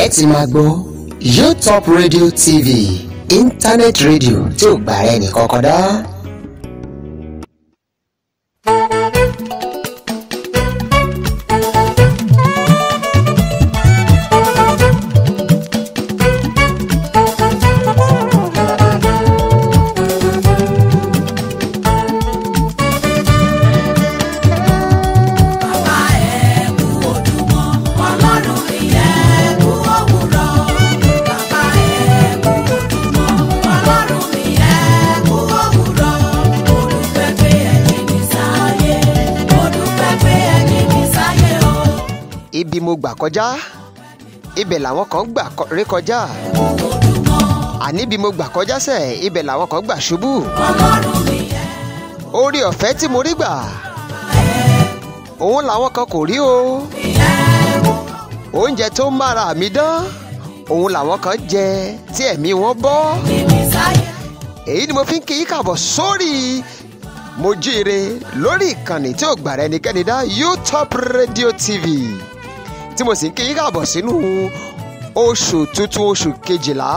ẹ ti máa gbọ́ yóò radio tv internet radio tí ò gbà rẹ̀ nìkan kan dá. mo gbà kọjá ibẹ̀ làwọn kan gbà ré kọjá àní bí mo gbà kọjá sẹ̀ ibẹ̀ làwọn kan gbà ṣubú orí ọ̀fẹ́ tí mo rí gbà òun làwọn kan kò rí o oúnjẹ tó ń mára mi dán òun làwọn kan jẹ tí ẹ̀mí wọn bọ́ èyí ni mo fi ń kí yín kàbọ̀ sórí Mojíire lórí ìkànnì tí ò gbàrà ẹnikẹ́ni dá YouTube Radio TV tí mo sì ń kí yín káàbọ̀ sínú oṣù tuntun oṣù kejìlá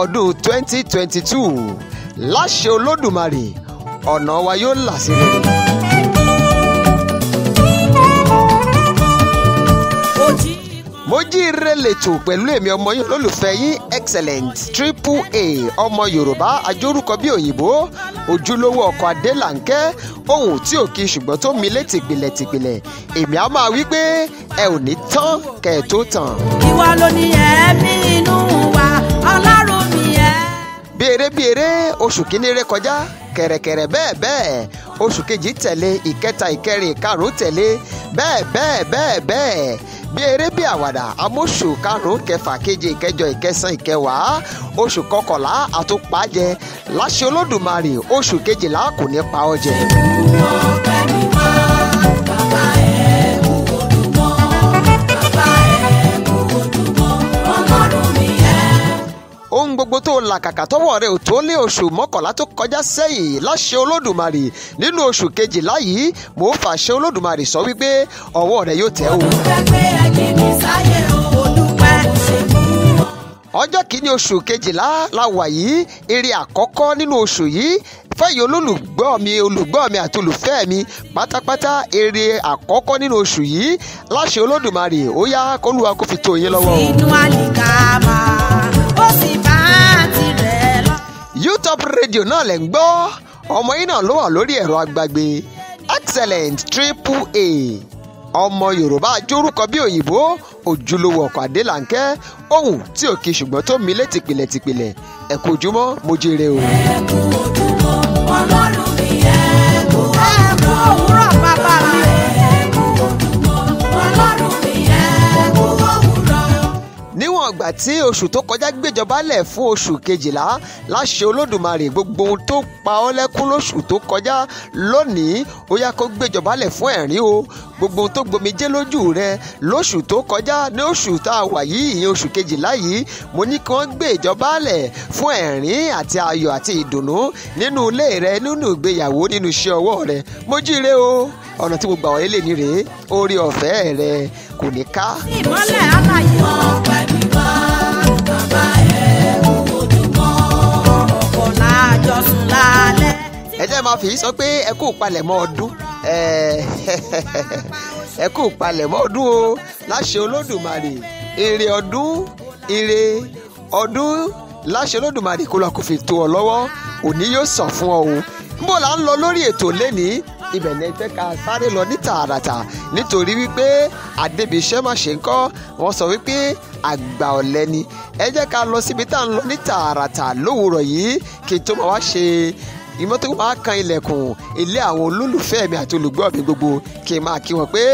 ọdún twenty twenty two láṣẹ olódùmarè ọ̀nà wa yóò là sí rere. Mojíire lètò pẹ̀lú èmi ọmọ yín olólùfẹ́ yín excellent triple a ọmọ Yorùbá ajórúkọ bí òyìnbó ojúlówó ọkọ̀ adélànkẹ́ ohun tí ò kí ṣùgbọ́n tó mi lé tìpìlẹ̀ tìpìlẹ̀ èmi á máa wí pé ẹ ò ní tán kẹ ẹ tó tàn. ìwà ló ní ẹ̀mí inú wa ọlọ́run mi ẹ̀. bí eré bí eré oṣù kìíní ré kọjá kẹ̀rẹ̀kẹ̀rẹ̀ bẹ́ẹ̀ bẹ́ẹ̀ oṣù kejì tẹ̀lé ìkẹta ìkẹrin ìkarùn tẹ̀lé bẹ́ẹ̀ bẹ́ẹ̀ bẹ́ẹ̀ bẹ́ẹ̀ bí eré bí àwàdà amóṣù karùnún kẹfà keje ìkẹjọ ìkẹsàn ìkẹwàá oṣù kọkànlá àtúpàjẹ láṣẹ olódùmarè oṣù kejìlá kò ní pa ọ jẹ. mo kẹ́ ohun gbogbo tó làkàkà tọ́wọ́ rẹ̀ ò tó lé oṣù mọ́kànlá tó kọjá sẹ́yìn láṣẹ olódùmarè nínú oṣù kejìlá yìí mò ń fàṣẹ olódùmarè sọ wípé ọwọ́ rẹ̀ yóò tẹ̀ o. ọjọ́ kìíní oṣù kejìlá la wà yìí eré àkọ́kọ́ nínú oṣù yìí fẹ́yìn olólùgbọ́ mi olùgbọ́ mi àti olùfẹ́ mi pátápátá eré àkọ́kọ́ nínú oṣù yìí láṣẹ olódùmarè ó yá kólúwa kó fi tó yín lọ́wọ́. inú àlìkà rédíò náà lẹ̀ ń gbọ́ ọmọ yín náà ló wà lórí ẹ̀rọ agbagbe excellent triple a ọmọ yorùbá ajórúkọ bí òyìnbó òjúlówó ọkọ̀ adélànkẹ́ ohun tí ò ṣùgbọ́n tó mi lé tìpìlẹ̀ tìpìlẹ̀ ẹ kú mo jèrè o. ẹ kú ojúmọ́ ọlọ́run mi ẹ kú òwúrọ̀ bàbá mi. níwọ̀n ìgbà tí oṣù tó kọjá gbéjọba lẹ̀ fún oṣù kejìlá láṣẹ olódùmarè gbogbo ohun tó pa ọ́ lẹ́kún lóṣù tó kọjá lónìí ó yá kó gbéjọba lẹ̀ fún ẹ̀rín o gbogbo ohun tó gbomijé lójú rẹ lóṣù tó kọjá ní oṣù tá a wà yìí ìyẹn oṣù kejìlá yìí mo ní kí wọ́n gbé lẹ̀ fún ẹ̀rín àti ayọ̀ àti ìdùnnú nínú ilé rẹ nínú ìgbéyàwó nínú iṣẹ́ ọwọ́ rẹ mo jíire o ọ̀nà tí mo gbà wọlé lè ní rèé oore ọ̀fẹ́ rẹ kò ní ká. ìmọ̀lẹ̀ aláyọ̀ ọ̀pẹ ẹjẹ máa fi sọ pé ẹ kú palẹ̀mọ́ ọdún ẹ kú palẹ̀mọ́ ọdún o láṣẹ olódùmarè ire ọdún ire ọdún láṣẹ olódùmarè kó lọ kó fi tó ọ lọ́wọ́ òní yóò sàn fún ọ o níbo la ń lọ lórí ètò lénìí ibẹ̀ lẹ jẹ́ ká sáré lọ ní tààràtà nítorí wípé àdébíṣẹ́ má ṣe ń kọ́ wọ́n sọ wípé àgbà ọ̀lẹ ni ẹ jẹ́ ká lọ síbi tá à ń lọ ní tààràtà lówùrọ̀ yìí kí n tó máa wá ṣe ìmọ́tò wa kan ilẹ̀kùn ilé àwọn olólùfẹ́ mi àti olùgbọ́ mi gbogbo kí n máa kí wọn pé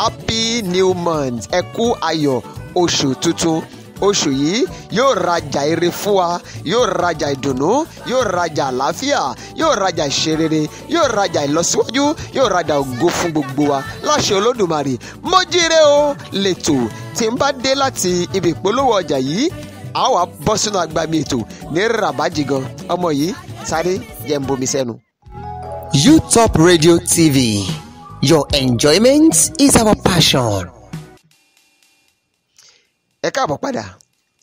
happy new month ẹ kú ayọ̀ oṣù tuntun oṣù yìí yóò rajà ire fún wa yóò rajà ìdùnnú yóò rajà àlàáfíà yóò rajà ìṣerere yóò rajà ìlọsíwájú yóò rajà ògo fún gbogbo wa láṣẹ olódùmarè mọ́jíré o lẹ́tò tí n bá dé láti ibi ìpolówó ọjà yìí a wà bọ́ sínú agbami ètò ní rabajigan ọmọ yìí sáré jẹ́ ń bomi sẹ́nu. UTOP Radio TV. Your enjoyment is our passion. Ẹ káàbọ̀ padà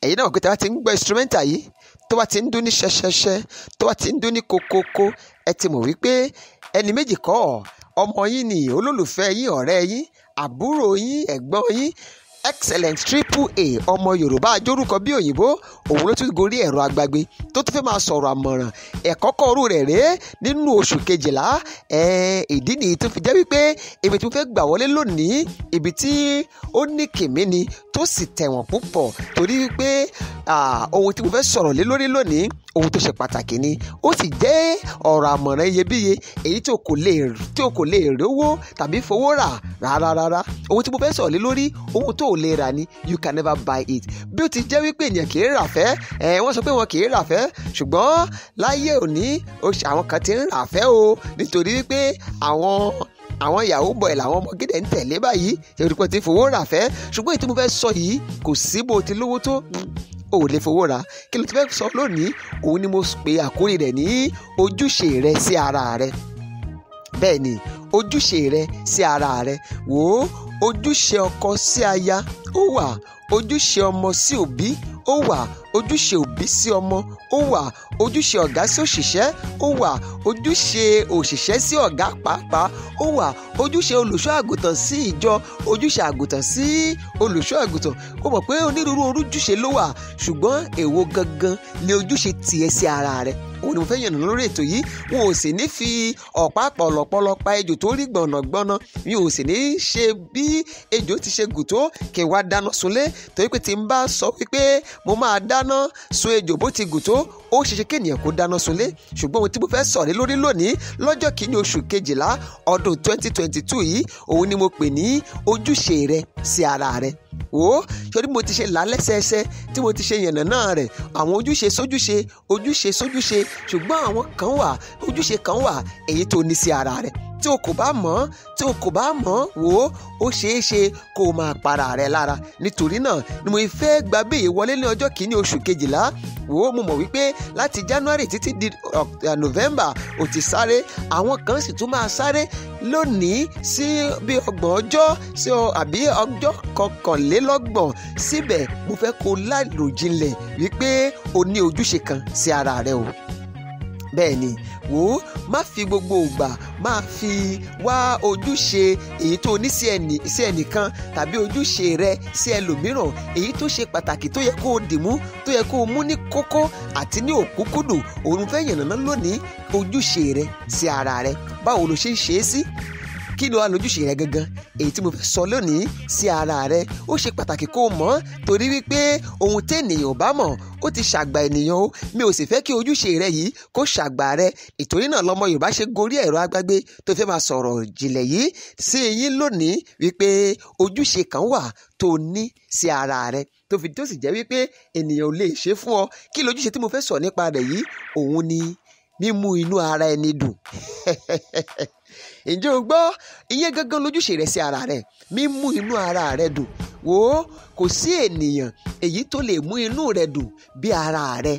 ẹ̀yin náà kìtà ti ń gbọ́ instrumental yìí tó bá ti ń dún ní ṣẹṣẹṣẹ tó bá ti ń dún ní kokoko ẹ ti mọ̀ wípé ẹni méjì kọ́ ọmọ yín ni olólùfẹ́ yín ọ̀rẹ́ yín àbúrò yín ẹ̀gbọ́n yín excellent triple a ọmọ yorùbá ajórúkọ bí òyìnbó òun ló tún gorí ẹ̀rọ agbágbé tó tún fẹ́ máa sọ̀rọ̀ àmọ̀ràn ẹ̀kọ́ kọ́ọ̀rù rẹ̀ rèé nínú oṣù kejìlá ìdí nìyí tó fi jẹ́ wípé ibi tí mo fẹ́ gbà wọlé lónìí ibi tí ó ní kèmí ni tó sì tẹ̀wọ̀n púpọ̀ torí wípé ohun tí mo fẹ́ sọ̀rọ̀ lé lórí lónìí ohun tó ṣe pàtàkì ni ó sì jẹ́ ọ̀rọ̀ àmọ̀ràn iyebíye èyí tí o kò lè tí o kò lè rí tàbí fowó rà rárá ohun tí mo fẹ́ sọ̀rọ̀ lé lórí ohun tó o lè rà ni you can never buy it bí ó ti jẹ́ wípé ènìyàn kì í rà fẹ́ ẹ wọ́n sọ pé wọn kì í rà fẹ́ ṣùgbọ́n láyé òní àwọn kan ti ń rà fẹ́ o nítorí wípé àwọn àwọn yahoo boy làwọn ọmọ gídẹ̀ ń tẹ̀lé báyìí ìrìpọ̀ ti fowó rà fẹ́ ṣùgbọ́n èyí tí mo fẹ́ sọ yìí kò sí bó ti lówó tó ò lè fowó rà kí ló ti fẹ́ sọ lónìí òun ni mo pe àkórí rẹ̀ ní ojúṣe rẹ sí ara rẹ bẹ́ẹ̀ ni ojúṣe rẹ sí ara rẹ wò ó ojúṣe ọkọ sí aya ó wà ojúṣe ọmọ sí òbí ó wà ojúṣe òbí sí ọmọ ó wà ojúṣe ọ̀gá sí òṣìṣẹ́ ó wà ojúṣe òṣìṣẹ́ sí ọ̀gá pàápàá ó wà ojúṣe olùṣọ́ àgùntàn sí ìjọ ojúṣe àgùntàn sí olùṣọ́ àgùntàn ó mọ̀ pé onírúurú ojúṣe ló wà ṣùgbọ́n èwo gangan ni ojúṣe tiẹ̀ sí ara rẹ̀ òun ni mo fẹ́ yànnà lórí ètò yìí wọn ò sì ní fi ọ̀pá pọ̀lọ̀pọ̀lọ̀ pa ejò tó rí gbọ̀nàgbọ̀nà mi ò sì ní ṣe bí ejò ti ṣe gùn tó kí n wá dáná sunlé torí pé tí n bá sọ wípé mo máa dá dáná sun ejò bó ti gùn tó ó ṣeṣe kéèyàn kó dáná sunlé ṣùgbọ́n ohun tí mo fẹ́ sọ̀rọ̀ lórí lónìí lọ́jọ́ kìíní oṣù kejìlá ọdún 2022 yìí òun ni mo pè ní ojúṣe rẹ sí ara rẹ wò ó sori mo ti ṣe là lẹ́sẹẹsẹ tí mo ti ṣe yànnàná rẹ̀ àwọn ojúṣe sójúṣe ojúṣe sójúṣe ṣùgbọ́n àwọn kan wà ojúṣe kan wà èyí tó ní sí ara rẹ̀ tí o kò bá mọ̀ tí o kò bá mọ̀ wò ó ó ṣeé ṣe kó o máa para rẹ lára nítorí náà ni mo fẹ́ gba béèyàn wọlé ní ọjọ́ kìíní oṣù kejìlá wò ó mo mọ̀ wípé láti January títí di eh, November ó ti sáré àwọn kan sì tún máa sáré lónìí sí bí ọgbọ̀n ọjọ́ sí àbí ọjọ́ kọkànlélọ́gbọ̀n síbẹ̀ mo fẹ́ kó o láròjinlẹ̀ wípé o ní ojúṣe kan sí ara rẹ o bẹ́ẹ̀ ni wò ó má fi gbogbo ògbà máa fi wá ojúṣe èyí tó ní sí ẹnì sí ẹnìkan tàbí ojúṣe rẹ sí ẹlòmíràn èyí tó ṣe pàtàkì tó yẹ kó o dìmú tó yẹ kó o mú ní kókó àti ní òkúkúdù òun fẹ́ yànnàná lónìí ojúṣe rẹ sí ara rẹ báwo ló ṣe ń ṣe é sí kí ló wà lójúṣe rẹ gangan èyí tí mo fẹ́ sọ lónìí sí ara rẹ ó ṣe pàtàkì kó o mọ̀ torí wípé ohun tẹ́nìyàn ò bá mọ̀ ó ti ṣàgbà ènìyàn o mi ò sì fẹ́ kí ojúṣe rẹ yìí kó ṣàgbà rẹ ìtorí náà lọmọ yorùbá ṣe gorí ẹ̀rọ agbágbé tó fẹ́ máa sọ̀rọ̀ jìnlẹ̀ yìí sí yín lónìí wípé ojúṣe kan wà tó ní sí ara rẹ tó fi tó sì jẹ́ wípé ènìyàn ò lè ṣe fún ọ kí lójúṣe tí mo fẹ́ sọ nípa rẹ̀ yìí òun ni mímú inú ara ẹni dùn ǹjẹ́ o gbọ́ ìyẹn gangan lójúṣe rẹ̀ sí ara rẹ̀ mímú inú ara rẹ̀ dùn wò ó kò sí ènìyàn èyí tó lè mú inú rẹ̀ dùn bí ara rẹ̀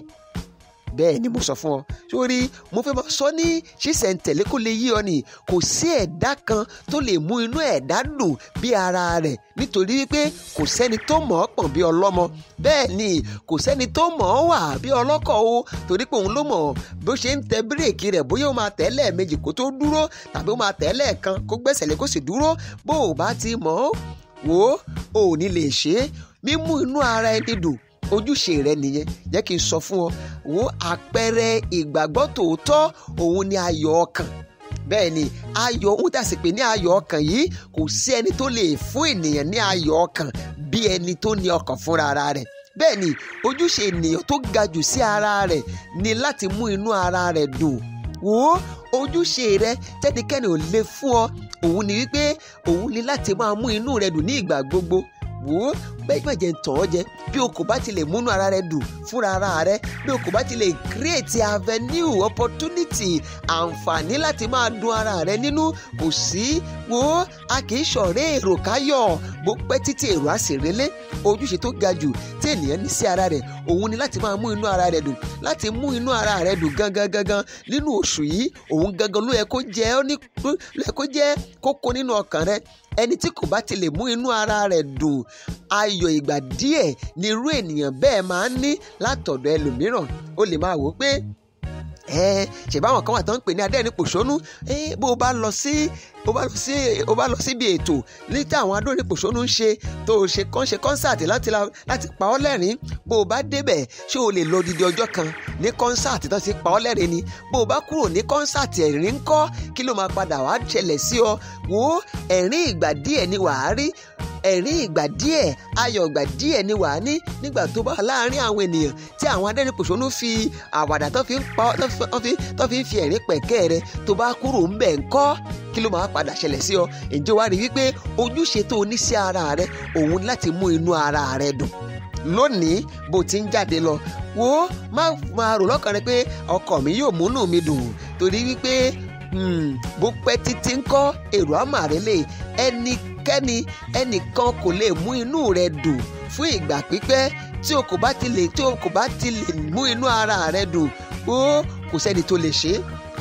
bẹ́ẹ̀ ni mo sọ fún ọ sórí mo fẹ́ máa sọ ní ṣísẹ̀ntẹ̀lé kó lè yí ọ nì kò sí ẹ̀dá kan tó lè mú inú ẹ̀dá dùn bí ara rẹ̀ nítorí wípé kò sẹ́ni tó mọ̀ ọ́ pọ̀n bí ọlọ́mọ bẹ́ẹ̀ ni kò sẹ́ni tó mọ̀ ọ́ wà bí ọlọ́kọ̀ o torí pé òun ló mọ̀ bó ṣe ń tẹ bírèkì rẹ̀ bóyá ó máa tẹ̀ lẹ́ẹ̀mejì kó tó dúró tàbí ó máa tẹ̀ lẹ́ẹ̀kan kó gbẹ́sẹ̀ lé kó sì dúró bó o bá ti mọ̀ ọ́ wò ó ò lè ṣe mímú inú ara ẹni dùn ojúṣe rẹ nìyẹn jẹ́ kí n sọ fún ọ wo àpẹẹrẹ ìgbàgbọ́ tòótọ́ òun ni ayọ̀ ọkàn bẹ́ẹ̀ ni ayọ̀ ń dàsí pé ní ayọ̀ ọkàn yìí kò sí ẹni tó lè fún ènìyàn ní ayọ̀ ọkàn bí ẹni tó ní ọkàn fúnra ara rẹ̀ bẹ́ẹ̀ ni ojúṣe ènìyàn tó ga jù sí ara rẹ̀ ni láti mú inú ara rẹ̀ dùn wò ó ojúṣe rẹ tẹ́nikẹ́ni ò lè fún ọ òun ni wípé òun ni láti máa mú inú rẹ dùn ní ìgbà gbogbo wò bẹ́ẹ̀ má jẹ́ ń tọ̀ ọ́ jẹ bí o kò bá ti lè múnú ara rẹ dùn fúnra ara rẹ bí o kò bá ti create avenue opportunity àǹfààní láti máa dun ara rẹ nínú kò sí wo a kì í ṣọ̀rẹ́ èrò káyọ̀ bó pẹ́ títí èrò á sì relé ojúṣe tó ga jù tí ènìyàn ní sí ara rẹ̀ òun ni láti máa mú inú ara rẹ̀ dùn láti mú inú ara rẹ̀ dùn gangan gangan nínú oṣù yìí òun gangan ló yẹ kó jẹ́ ó ní ló yẹ kó jẹ́ kókó nínú ọkàn rẹ̀ ẹni tí kò bá ti lè mú inú ara rẹ̀ dùn ay ayọ̀ ìgbà díẹ̀ ni irú ènìyàn bẹ́ẹ̀ máa ń ní látọ̀dọ̀ ẹlòmíràn ó lè máa wò ó pé ẹ ṣe báwọn kan wà tó ń pè ní adẹ́ni pòṣónú bó o bá lọ sí o bá lọ sí síbi ètò ní táwọn adóni pòṣónú ń ṣe tó o ṣe kán ṣe kọ́nsáàtì láti la láti pa ọ́ lẹ́rìn bó o bá débẹ̀ ṣé o lè lọ odidi ọjọ́ kan ní kọ́nsáàtì tó ti pa ọ́ lẹ́rìn ni bó o bá kúrò ní kọ́nsáàtì ẹ̀rín ńkọ́ kí ló máa padà wá ṣẹlẹ̀ sí ọ wò ẹ̀rín ìgbà díẹ̀ ni wàá rí ẹ̀rí ìgbà díẹ̀ ayọ̀ ìgbà díẹ̀ ni wàá ní nígbà tó bá láàrin àwọn ènìyàn tí àwọn adẹ́rìnpòṣónú fi àwàdà tó fi ń pa tó fi ń fi ẹ̀rín pẹ̀kẹ́ rẹ tó bá kúrò ń bẹ̀ ń kọ́ kí ló máa padà ṣẹlẹ̀ sí ọ ǹjẹ́ wàá rí wípé ojúṣe tó ní sí ara rẹ òun láti mú inú ara rẹ dùn lónìí bó ti ń jáde lọ wo má ma rò lọ́kàn rẹ pé ọkọ mi yóò múnú mi dùn torí wípé hmm, bó pẹ́ títí ń kọ́ èrò àmàrè lè ẹnikẹ́ni ẹnìkan kò lè mú inú rẹ dùn fún ìgbà pípẹ́ tí o kò bá ti lè tí o kò bá ti lè mú inú ara rẹ dùn ó kò sẹ́ni tó lè ṣe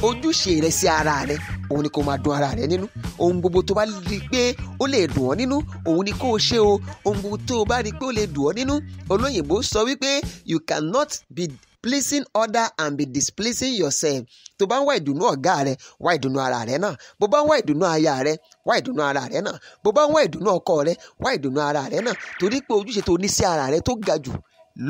ojúṣe rẹ sí ara rẹ òun ni kò máa dùn ara rẹ nínú ohun gbogbo tó bá rí i pé ó lè dùn ọ́ nínú òun ni kó o ṣe o ohun gbogbo tó o bá rí i pé ó lè dùn ọ́ nínú olóyìnbó sọ wípé you cannot be pleasing other and be displeasing yourself tó bá ń wá ìdùnnú ọ̀gá rẹ wá ìdùnnú ara rẹ náà bó bá ń wá ìdùnnú aya rẹ wá ìdùnnú ara rẹ náà bó bá ń wá ìdùnnú ọkọ rẹ wá ìdùnnú ara rẹ náà torí pé ojúṣe tó ní sí ara rẹ tó ga jù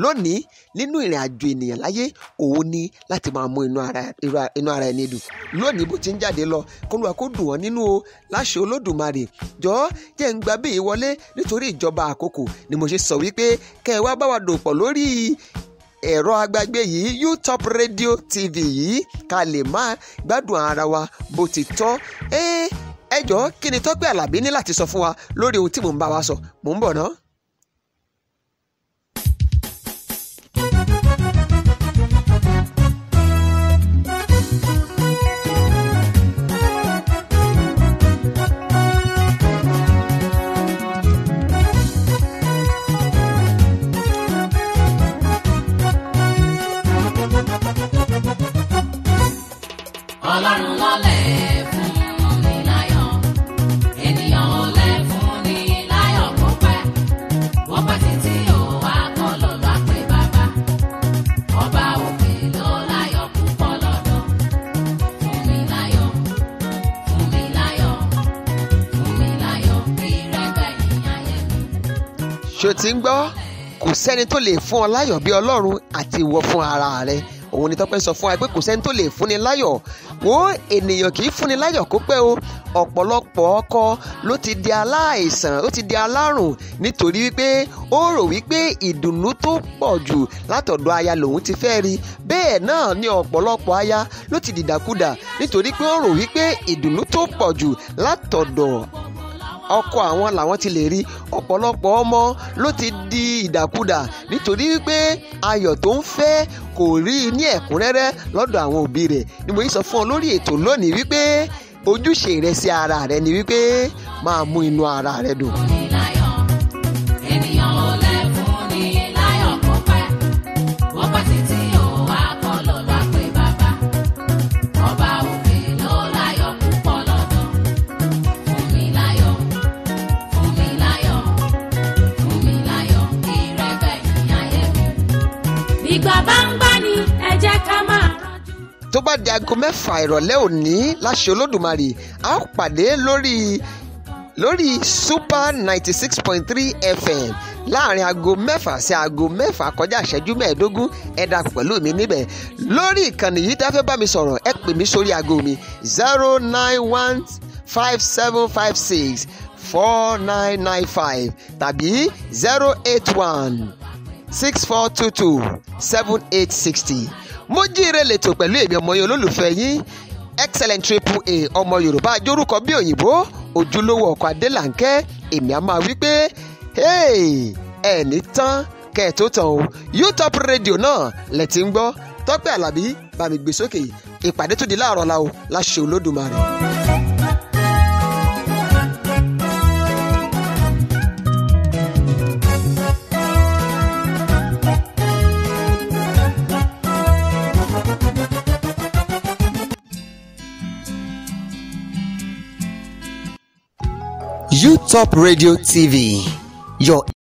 lónìí nínú ìrìn àjò ènìyàn láyé òun ni láti máa mú inú ara ẹni dùn lónìí bó ti ń jáde lọ kólúwa kó dùn wọn nínú o láṣẹ olódùmarè jọ jẹ́ ń gba bí ìwọlé nítorí ìjọba àkókò ni mo ṣe sọ wípé kẹ́ ẹ wá bá wa dòpọ̀ lórí ẹ̀rọ agbágbé yìí utop radio tv yìí ká lè máa gbádùn ara wa bó ti tọ́ ẹ jọ̀ọ́ kí ni Tọ́pẹ́ Àlàbí ní láti sọ fún wa lórí ohun tí mò ń bá wa sọ mò ń bọ̀ náà. ṣó ti ń gbọ́ kò sẹ́ni tó lè fún ọ láyọ̀ bí ọlọ́run àti ìwọ fún ara rẹ òun ni tọ́pẹ́ sọ fún wa pé kò sẹ́ni tó lè fúnni láyọ̀ wo ènìyàn kì í fúnni láyọ̀ kó pẹ́ o ọ̀pọ̀lọpọ̀ ọkọ ló ti di aláìsàn ó ti di alárùn nítorí wípé ó rò wípé ìdùnnú tó pọ̀ jù látọ̀dọ̀ aya lòun ti fẹ́ rí bẹ́ẹ̀ náà ni ọ̀pọ̀lọpọ̀ aya ló ti dìdàkudà nítorí pé ó rò wípé ìdùnnú tó pọ̀ jù látọ̀dọ̀ ọkọ àwọn làwọn ti lè rí ọ̀pọ̀lọpọ̀ ọmọ ló ti di ìdàkudà nítorí wípé ayọ̀ tó ń fẹ́ kò rí i ní ẹ̀kúnrẹ́rẹ́ lọ́dọ̀ àwọn òbí rẹ̀ ni mo yí sọ fún ọ lórí ètò lónìí wípé ojúṣe rẹ sí ara rẹ ni wípé máa mú inú ara rẹ dùn. tó bá di aago mẹ́fà ìrọ̀lẹ́ òní láṣẹ olódùmarè a ó pàdé lórí lórí super ninety six point three fm láàrin aago mẹ́fà sí aago mẹ́fà kọjá ìṣẹ́jú mẹ́ẹ̀ẹ́dógún ẹ dà pẹ̀lú mi níbẹ̀ lórí ìkànnì yìí tá a fẹ́ bá mi sọ̀rọ̀ ẹ pè mí sórí aago mi zero nine one five seven five six four nine nine five tàbí zero eight one six four two two seven eight sixty Mojíire lètò pẹ̀lú èmi ọmọ yín olólùfẹ́ yín excellent triple a ọmọ Yorùbá ajórúkọ bí òyìnbó ojúlówó ọkọ̀ adélànkẹ́ èmi á máa wí pé ẹni tán kẹ́ẹ̀tó tán o utop rédíò náà lẹ ti ń gbọ́ Tọ́pẹ́ Àlàbí bá mi gbé sókè ìpàdé tó di láàárọ̀ la o láṣẹ Olódùmarè. Q Top Radio TV, your